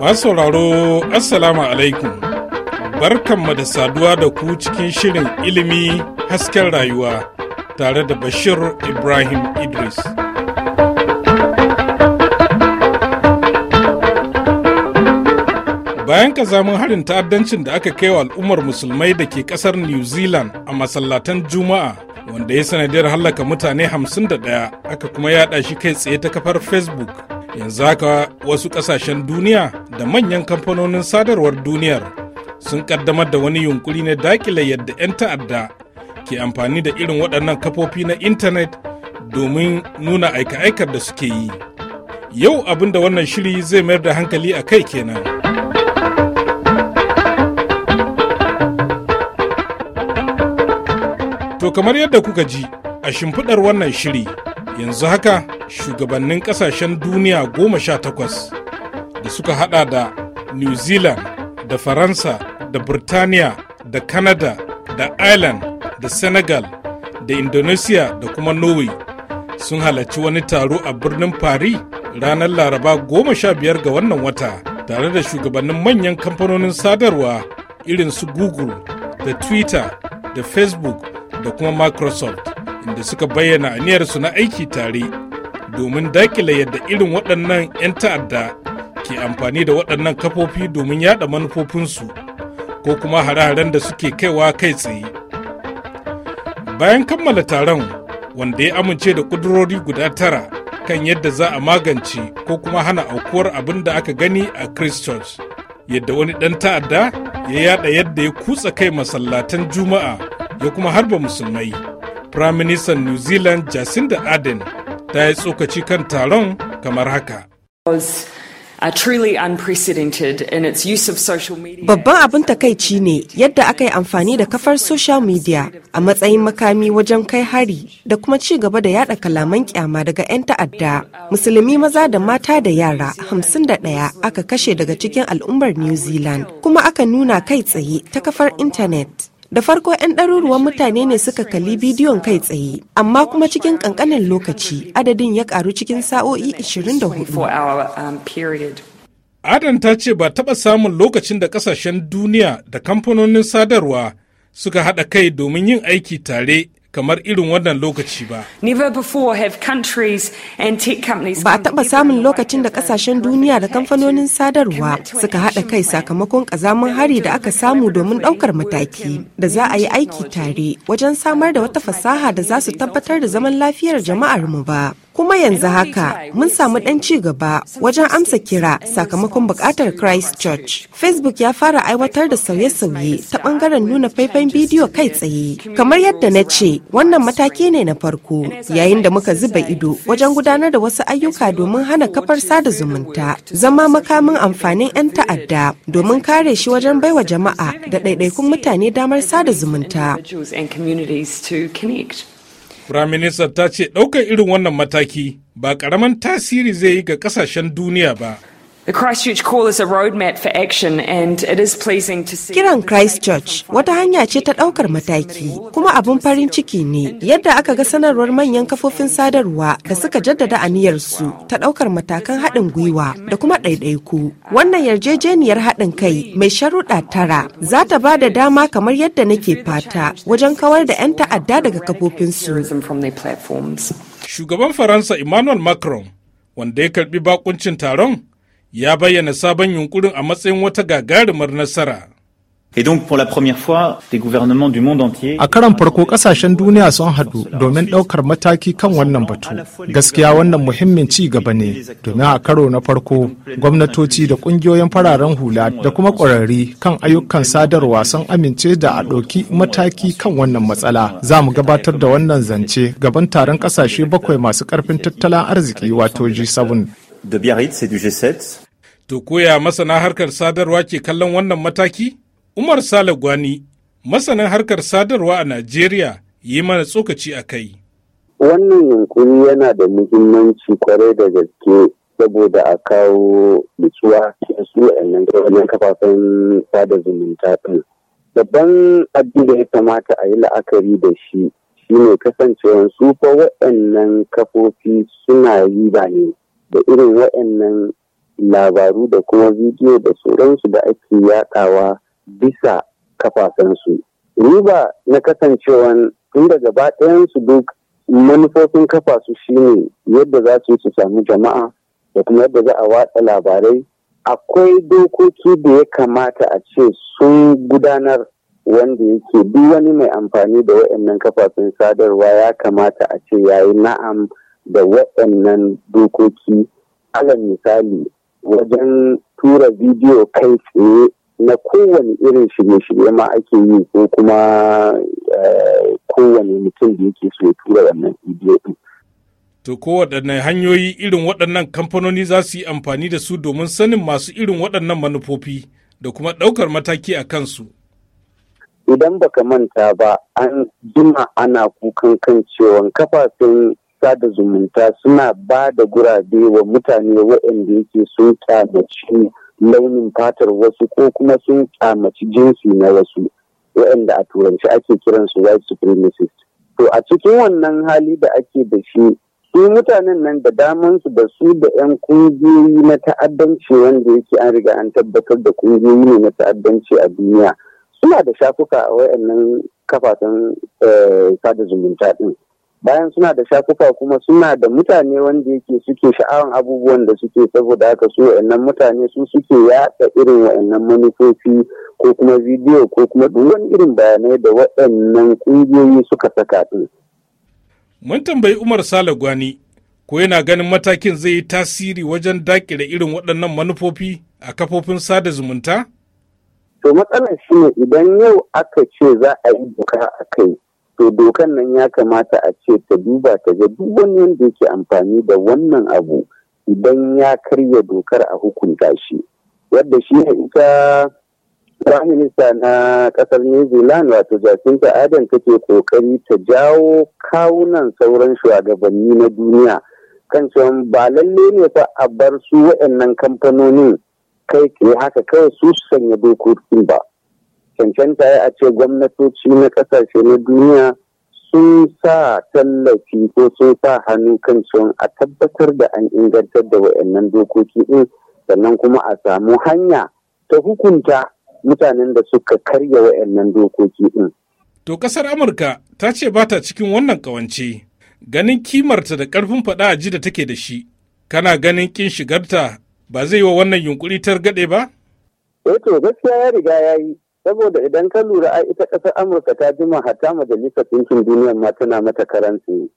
Masu sauraro Assalamu alaikum barkanmu da saduwa da ku cikin shirin ilimi hasken rayuwa tare da Bashir Ibrahim Idris. bayan kazamin harin ta'addancin da aka kai wa al'ummar musulmai da ke kasar new zealand a masallatan juma'a wanda ya sanadiyar hallaka mutane 51 aka kuma yada shi kai tsaye ta kafar facebook yanzu haka wasu kasashen duniya da manyan kamfanonin sadarwar duniyar sun kaddamar da wani yunkuri na dakile yadda 'yan ta'adda ke amfani da irin waɗannan kafofi na intanet domin nuna aika-aikar da suke yi yau abin da wannan shiri zai mayar da hankali a kai kenan. To kamar yadda kuka ji a shimfiɗar wannan shiri yanzu haka shugabannin ƙasashen duniya goma sha takwas da suka haɗa da New Zealand da Faransa da Birtaniya da Kanada da Ireland da Senegal da Indonesia da kuma Norway sun halarci wani taro a birnin Paris ranar Laraba goma sha biyar ga wannan wata tare da shugabannin manyan kamfanonin sadarwa irin su Google da Twitter da Facebook da kuma microsoft inda suka bayyana aniyarsu na aiki tare domin dakile yadda irin waɗannan 'yan ta'adda ke amfani da waɗannan kafofi domin yaɗa manufofinsu ko kuma hare-haren da suke kaiwa kai tsaye bayan kammala taron wanda ya amince da ƙudurori guda tara kan yadda za a magance ko kuma hana aukuwar abin da aka gani a christchurch yadda wani ɗan ta'adda ya yada yadda ya kutsa kai masallatan juma'a ya kuma harba musulmai firaministan new zealand jacinda ardern ta yi tsokaci kan taron kamar haka Babban abin takaici ne yadda aka yi amfani da kafar social media a matsayin makami wajen kai hari da kuma ci gaba da yada kalaman kyama daga 'yan ta'adda. Musulmi maza da mata da yara hamsin da ɗaya aka kashe daga cikin al'ummar New Zealand kuma aka nuna kai tsaye ta kafar intanet. da farko 'yan ɗaruruwan mutane ne suka kalli bidiyon kai tsaye amma kuma cikin ƙanƙanin lokaci adadin ya ƙaru cikin sa'o'i 24 adam ta ce ba taɓa samun lokacin da ƙasashen duniya da kamfanonin sadarwa suka haɗa kai domin yin aiki tare kamar irin wannan lokaci ba. Ba a taɓa samun lokacin da ƙasashen duniya da kamfanonin sadarwa suka haɗa kai sakamakon ƙazamin hari da aka samu domin ɗaukar mataki da za a yi aiki tare wajen samar da wata fasaha da za su tabbatar da zaman lafiyar jama'ar mu ba. kuma yanzu haka mun samu ɗan ci gaba wajen amsa kira sakamakon buƙatar christchurch facebook ya fara aiwatar da sauye-sauye ta ɓangaren nuna faifan bidiyo kai tsaye kamar yadda na ce wannan mataki ne na farko yayin da muka zuba ido wajen gudanar da wasu ayyuka domin hana kafar sada zumunta zama makamin amfanin 'yan ta'adda domin kare shi wajen baiwa jama'a da ɗaiɗaikun mutane damar sada zumunta Firaminista ta ce ɗaukar irin wannan mataki ba ƙaramin tasiri zai yi ga ƙasashen duniya ba. Kiran Christchurch wata hanya ce ta ɗaukar mataki kuma abin farin ciki ne yadda aka ga sanarwar manyan kafofin sadarwa da suka jaddada aniyarsu ta ɗaukar matakan haɗin gwiwa da kuma ɗaiɗaiku. Wannan yarjejeniyar haɗin kai mai sharuɗa tara za ta ba da dama kamar yadda nake fata wajen kawar da 'yan ta'adda daga kafofin su. Shugaban Faransa Emmanuel Macron wanda ya karɓi bakuncin taron ya bayyana sabon yunkurin a matsayin wata gagarumar nasara. Et donc pour la première fois, gouvernements A karan farko kasashen duniya sun haɗu domin ɗaukar mataki kan wannan batu. Gaskiya wannan muhimmin ci gaba ne domin a karo na farko gwamnatoci da ƙungiyoyin fararen hula da kuma ƙwararri kan ayyukan sadarwa sun amince da a ɗauki mataki kan wannan matsala. Za mu gabatar da wannan zance gaban taron ƙasashe bakwai masu ƙarfin tattalin arziki wato g G7 To koya masana harkar sadarwa ke kallon wannan mataki? Umar Sale Gwani, masanin harkar sadarwa a Najeriya, yi mana tsokaci a kai. Wannan yunkuri yana da muhimmanci kwarai da gaske saboda a kawo nutsuwa cikin su waɗannan kafafen sada zumunta ɗin. Babban abin da ya kamata a yi la'akari da shi shi ne kasancewar su fa waɗannan kafofi suna riba ne da irin waɗannan labaru da kuma bidiyo da sauransu da ake yaɗawa bisa kafafensu. Riba na kasancewa tun daga gaba ɗayansu duk manufofin kafa su shine yadda za su yi su sami jama'a da kuma yadda za a watsa labarai akwai dokoki da ya kamata a ce sun gudanar wanda yake duk wani mai amfani da waɗannan kafafen sadarwa ya kamata a ce yayi na'am da waɗannan dokoki alal misali wajen tura bidiyo kai tsaye na kowane irin shirye-shirye ma ake yi ko kuma eh, kowane mutum da yake so ya tura wannan bidiyo ɗin. To waɗanne hanyoyi irin waɗannan kamfanoni za su yi amfani da su domin sanin masu irin waɗannan manufofi da kuma ɗaukar mataki a kansu. Idan baka manta ba an jima ana kukan kan cewa kafafen sada zumunta suna ba da gurabe wa mutane waɗanda yake sun kyamaci launin fatar wasu ko kuma sun kyamaci jinsi na wasu waɗanda a turanci ake kiransu white Supremacist." To a cikin wannan hali da ake da shi su mutanen nan da damansu da su da 'yan kungiyoyi na ta'addanci wanda yake an riga an tabbatar da kungiyoyi ne na ta'addanci a duniya suna da shafuka a wayannan kafafen eh, sada zumunta ɗin bayan suna da shafuka kuma suna da mutane wanda yake suke sha'awan abubuwan da suke saboda haka su wa'annan mutane su suke yaɗa irin wa'annan manufofi ko kuma bidiyo ko kuma duk irin bayanai da waɗannan ƙungiyoyi suka saka ɗin. Mun tambayi Umar Sale Gwani ko yana ganin matakin zai yi tasiri wajen daƙile irin waɗannan manufofi a kafofin sada zumunta? To matsalar shi ne idan yau aka ce za a yi doka a kai to dokan nan ya kamata a ce ta duba ta ga duk wani da yake amfani da wannan abu idan ya karya dokar a hukunta shi yadda shi ne ita prime minister na kasar new zealand wato jacinta adam take kokari ta jawo kawunan sauran shugabanni na duniya kan cewa ba lalle ne fa a bar su waɗannan kamfanonin kai ke haka kawai su sanya dokokin ba cancanta ya a ce gwamnatoci na ƙasashe na duniya sun sa tallafi ko sun sa hannu kan cewa a tabbatar da an ingantar da wayannan dokoki din sannan kuma a samu hanya ta hukunta mutanen da suka karya wayannan dokoki in. To kasar Amurka ta ce ba ta cikin wannan kawance ganin kimarta da karfin faɗa a ji da take da shi kana ganin kin shigarta ba zai yi wa wannan yunkuri targaɗe ba? Eh gaskiya ya riga ya yi saboda idan ka lura ai ita ƙasar amurka ta jima hatta majalisar ɗinkin duniya ma tana mata karanci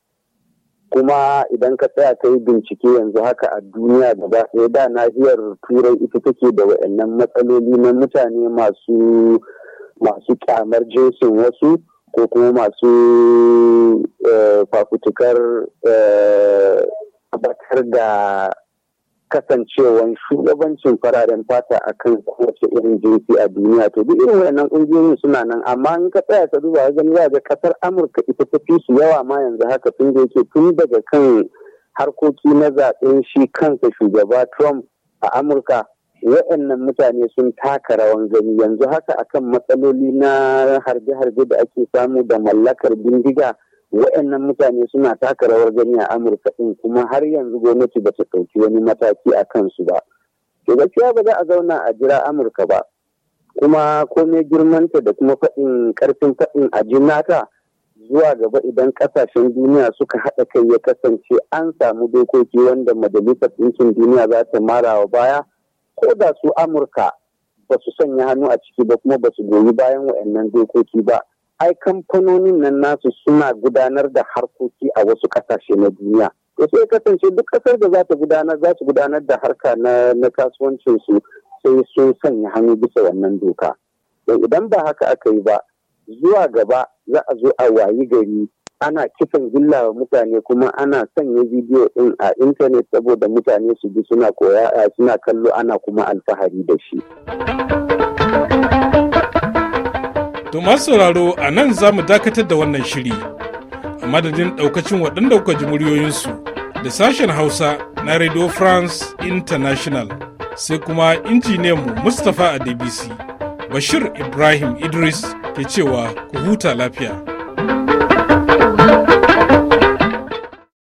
kuma idan ka tsaya ka yi bincike yanzu haka a duniya ba, sai da nahiyar turai ita take da wa'annan matsaloli na mutane masu masu kyamar jinsin wasu ko kuma masu eh, fafutukar eh, tabbatar da kasancewan shugabancin fararen fata a kan kowace irin jinsi a duniya to duk irin wayannan ƙungiyoyin suna nan amma in ka tsaya ka duba wajen za ga kasar amurka ita ta fi su yawa ma yanzu haka tun da yake tun daga kan harkoki na zaɓen shi kansa shugaba trump a amurka waɗannan mutane sun taka rawan gani yanzu haka akan matsaloli na harbe-harbe da ake samu da mallakar bindiga waɗannan mutane suna taka rawar gani a amurka ɗin kuma har yanzu gwamnati ba ta ɗauki wani mataki a kansu ba to gaskiya ba za a zauna a jira amurka ba kuma komai girmanta da kuma faɗin ƙarfin faɗin a nata zuwa gaba idan ƙasashen duniya suka haɗa kai ya kasance an samu dokoki wanda majalisar ɗinkin duniya za ta wa baya ko da su amurka ba su sanya hannu a ciki ba kuma ba su goyi bayan waɗannan dokoki ba ai kamfanonin nan nasu suna gudanar da harkoki a wasu kasashe na duniya to sai kasance duk kasar da za ta gudanar za su gudanar da harka na, na kasuwancin su sai sun sanya hannu bisa wannan doka don idan ba haka aka yi ba zuwa gaba za a zo a wayi gari ana kisan gilla wa mutane kuma ana sanya bidiyo din a intanet saboda mutane su bi suna koya suna kallo ana kuma alfahari da shi. To masu sauraro a nan za mu dakatar da wannan shiri. A madadin ɗaukacin waɗanda kuka ji muryoyinsu da sashen Hausa na Radio France International sai kuma mu Mustapha a DBC. Bashir Ibrahim Idris ke cewa ku huta lafiya.